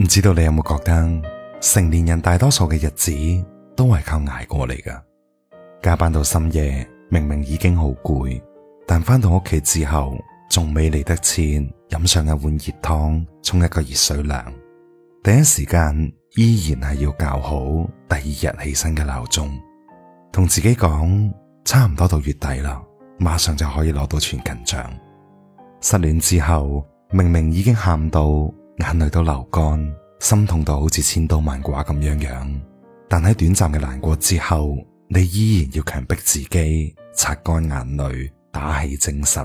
唔知道你有冇覺得，成年人大多數嘅日子都係靠挨過嚟噶。加班到深夜，明明已經好攰，但翻到屋企之後，仲未嚟得切飲上一碗熱湯，沖一個熱水涼。第一時間依然係要校好第二日起身嘅鬧鐘，同自己講差唔多到月底啦，馬上就可以攞到全勤獎。失戀之後，明明已經喊到。眼淚都流乾，心痛到好似千刀萬剮咁樣樣。但喺短暫嘅難過之後，你依然要強迫自己擦乾眼淚，打起精神，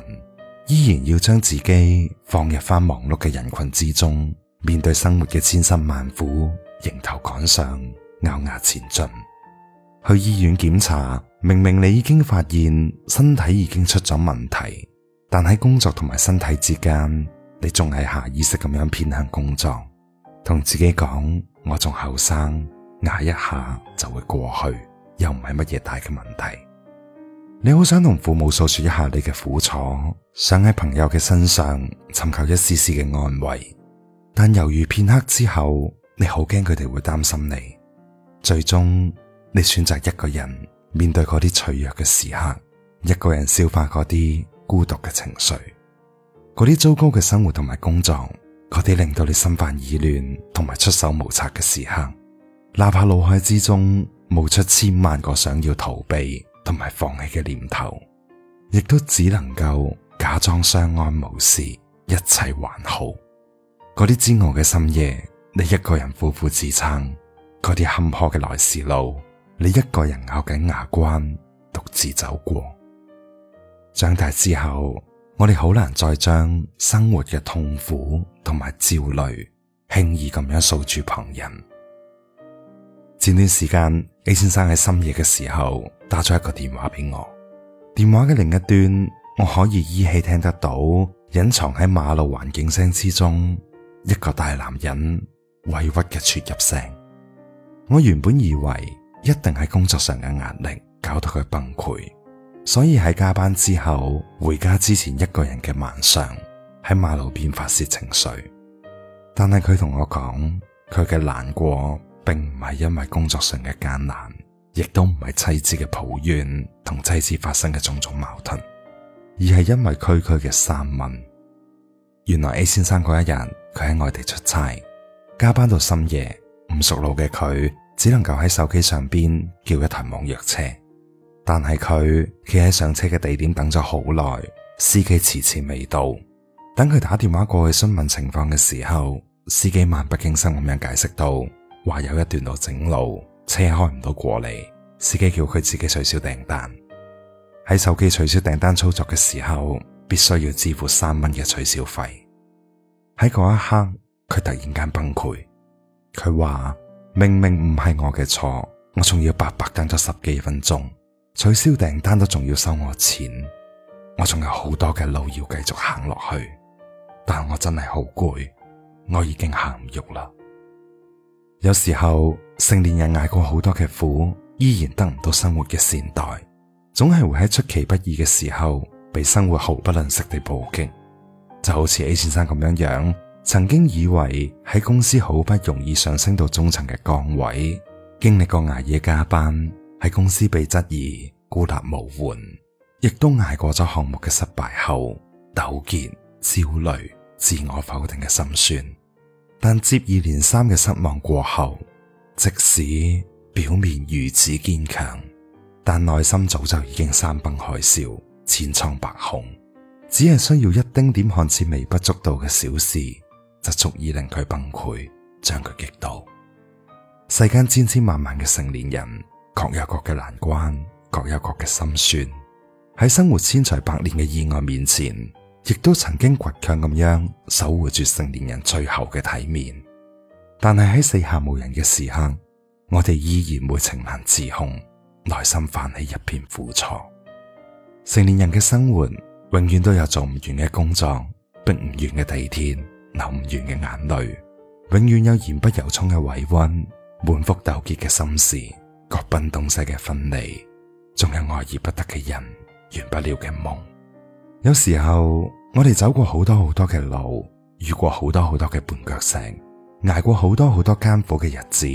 依然要將自己放入翻忙碌嘅人群之中，面對生活嘅千辛萬苦，迎頭趕上，咬牙前進。去醫院檢查，明明你已經發現身體已經出咗問題，但喺工作同埋身體之間。你仲係下意識咁樣偏向工作，同自己講我仲後生，挨一下就會過去，又唔係乜嘢大嘅問題。你好想同父母訴說一下你嘅苦楚，想喺朋友嘅身上尋求一絲絲嘅安慰，但猶豫片刻之後，你好驚佢哋會擔心你，最終你選擇一個人面對嗰啲脆弱嘅時刻，一個人消化嗰啲孤獨嘅情緒。嗰啲糟糕嘅生活同埋工作，嗰啲令到你心煩意亂同埋束手無策嘅時刻，哪怕腦海之中冒出千萬個想要逃避同埋放棄嘅念頭，亦都只能夠假裝相安無事，一切還好。嗰啲煎熬嘅深夜，你一個人苦苦支撐；嗰啲坎坷嘅來時路，你一個人咬緊牙關獨自走過。長大之後。我哋好難再將生活嘅痛苦同埋焦慮輕易咁樣訴諸旁人。前段時間，A 先生喺深夜嘅時候打咗一個電話俾我，電話嘅另一端，我可以依稀聽得到隱藏喺馬路環境聲之中一個大男人委屈嘅啜泣聲。我原本以為一定係工作上嘅壓力搞到佢崩潰。所以喺加班之後回家之前一個人嘅晚上，喺馬路邊發洩情緒。但係佢同我講，佢嘅難過並唔係因為工作上嘅艱難，亦都唔係妻子嘅抱怨同妻子發生嘅種種矛盾，而係因為區區嘅三蚊。原來 A 先生嗰一日佢喺外地出差，加班到深夜，唔熟路嘅佢只能夠喺手機上邊叫一台網約車。但係佢企喺上車嘅地點等咗好耐，司機遲遲未到。等佢打電話過去詢問情況嘅時候，司機漫不經心咁樣解釋到，話有一段路整路，車開唔到過嚟。司機叫佢自己取消訂單。喺手機取消訂單操作嘅時候，必須要支付三蚊嘅取消費。喺嗰一刻，佢突然間崩潰。佢話明明唔係我嘅錯，我仲要白白等咗十幾分鐘。取消訂單都仲要收我錢，我仲有好多嘅路要繼續行落去，但我真係好攰，我已經行唔喐啦。有時候成年人捱過好多嘅苦，依然得唔到生活嘅善待，總係會喺出其不意嘅時候，被生活毫不吝嗇地暴擊。就好似 A 先生咁樣樣，曾經以為喺公司好不容易上升到中層嘅崗位，經歷過捱夜加班。喺公司被質疑、孤立無援，亦都挨過咗項目嘅失敗後，糾結、焦慮、自我否定嘅心酸。但接二連三嘅失望過後，即使表面如此堅強，但內心早就已經山崩海嘯、千瘡百孔。只係需要一丁點看似微不足道嘅小事，就足以令佢崩潰，將佢擊倒。世間千千萬萬嘅成年人。各有各嘅難關，各有各嘅心酸，喺生活千錘百煉嘅意外面前，亦都曾經倔強咁樣守護住成年人最後嘅體面。但係喺四下無人嘅時刻，我哋依然會情難自控，內心泛起一片苦楚。成年人嘅生活永遠都有做唔完嘅工作、逼唔完嘅地鐵、流唔完嘅眼淚，永遠有言不由衷嘅委屈、滿腹糾結嘅心事，各奔東西嘅分離，仲有愛而不得嘅人，完不了嘅夢。有時候我哋走過好多好多嘅路，遇過好多好多嘅絆腳石，挨過好多好多艱苦嘅日子，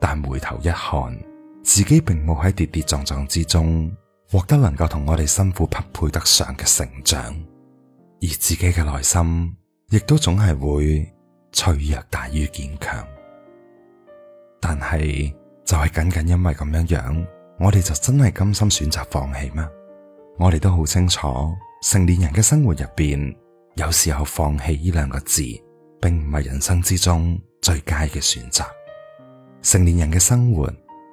但回頭一看，自己並冇喺跌跌撞撞之中獲得能夠同我哋辛苦匹配得上嘅成長，而自己嘅內心亦都總係會脆弱大於堅強。但係。就係僅僅因為咁樣樣，我哋就真係甘心選擇放棄嗎？我哋都好清楚，成年人嘅生活入邊，有時候放棄呢兩個字，並唔係人生之中最佳嘅選擇。成年人嘅生活，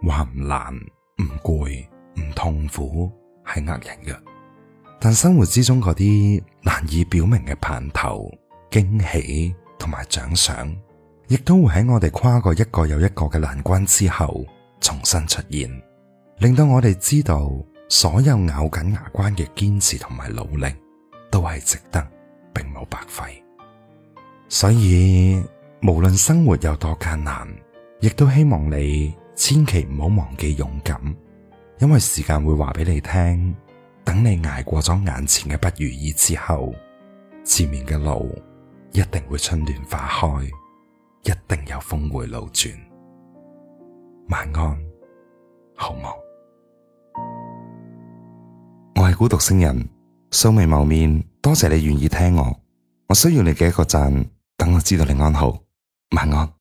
話唔難唔攰唔痛苦係呃人嘅，但生活之中嗰啲難以表明嘅盼頭、驚喜同埋獎賞亦都會喺我哋跨過一個又一個嘅難關之後，重新出現，令到我哋知道所有咬緊牙關嘅堅持同埋努力都係值得，並冇白費。所以無論生活有多艱難，亦都希望你千祈唔好忘記勇敢，因為時間會話俾你聽，等你捱過咗眼前嘅不如意之後，前面嘅路一定會春暖花開。一定有峰回路轉。晚安，好夢。我係孤獨星人，素未謀面，多謝你願意聽我。我需要你嘅一個讚，等我知道你安好。晚安。